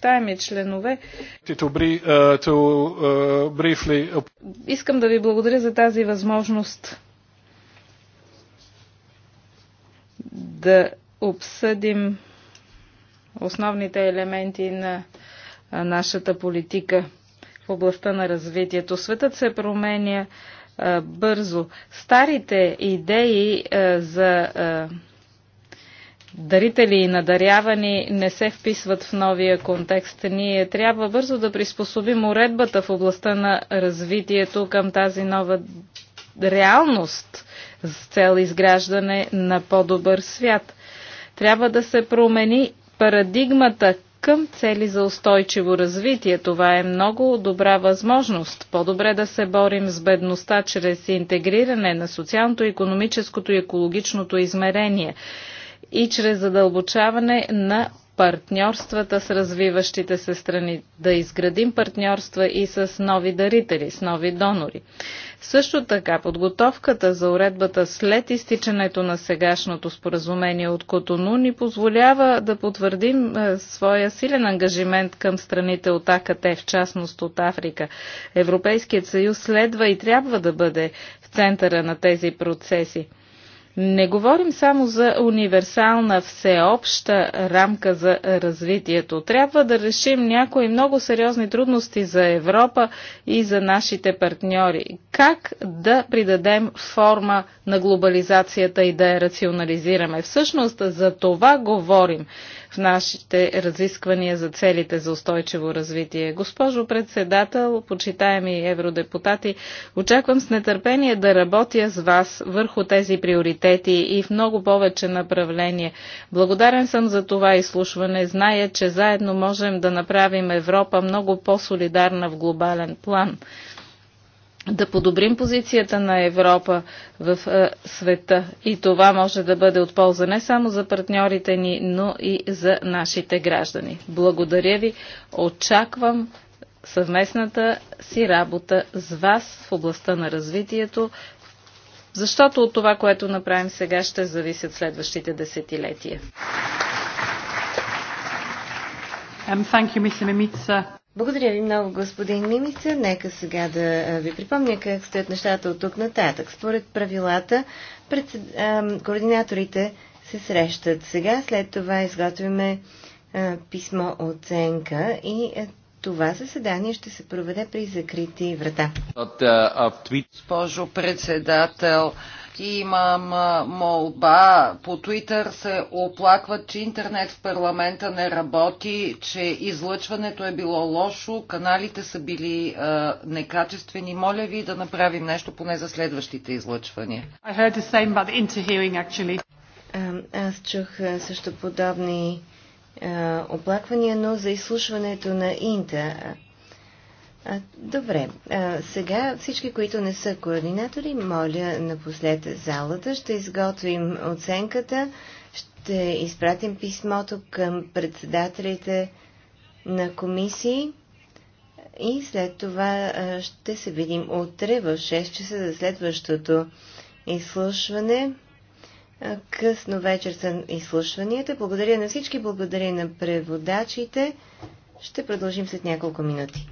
почитаеми членове. Uh, uh, Искам да ви благодаря за тази възможност да обсъдим основните елементи на нашата политика в областта на развитието. Светът се променя бързо. Старите идеи за дарители и надарявани не се вписват в новия контекст. Ние трябва бързо да приспособим уредбата в областта на развитието към тази нова реалност с цел изграждане на по-добър свят. Трябва да се промени парадигмата към цели за устойчиво развитие. Това е много добра възможност. По-добре да се борим с бедността чрез интегриране на социалното, економическото и екологичното измерение и чрез задълбочаване на партньорствата с развиващите се страни, да изградим партньорства и с нови дарители, с нови донори. Също така, подготовката за уредбата след изтичането на сегашното споразумение от Котону ни позволява да потвърдим е, своя силен ангажимент към страните от АКТ, в частност от Африка. Европейският съюз следва и трябва да бъде в центъра на тези процеси. Не говорим само за универсална всеобща рамка за развитието. Трябва да решим някои много сериозни трудности за Европа и за нашите партньори как да придадем форма на глобализацията и да я рационализираме. Всъщност за това говорим в нашите разисквания за целите за устойчиво развитие. Госпожо председател, почитаеми евродепутати, очаквам с нетърпение да работя с вас върху тези приоритети и в много повече направления. Благодарен съм за това изслушване. Зная, че заедно можем да направим Европа много по-солидарна в глобален план да подобрим позицията на Европа в е, света. И това може да бъде от полза не само за партньорите ни, но и за нашите граждани. Благодаря ви. Очаквам съвместната си работа с вас в областта на развитието, защото от това, което направим сега, ще зависят следващите десетилетия. Um, thank you, Mr. Благодаря ви много, господин Мимица. Нека сега да ви припомня как стоят нещата от тук нататък. Според правилата, пред, а, координаторите се срещат сега, след това изготвяме писмо оценка и а, това заседание ще се проведе при закрити врата. От, от... Госпожо председател, Имам молба. По Твитър се оплакват, че интернет в парламента не работи, че излъчването е било лошо, каналите са били а, некачествени. Моля ви да направим нещо поне за следващите излъчвания. Same, Аз чух също подобни е, оплаквания, но за изслушването на Инта. А, добре, а, сега всички, които не са координатори, моля напослед залата. Ще изготвим оценката, ще изпратим писмото към председателите на комисии и след това а, ще се видим утре в 6 часа за следващото изслушване. А, късно вечер са изслушванията. Благодаря на всички, благодаря на преводачите. Ще продължим след няколко минути.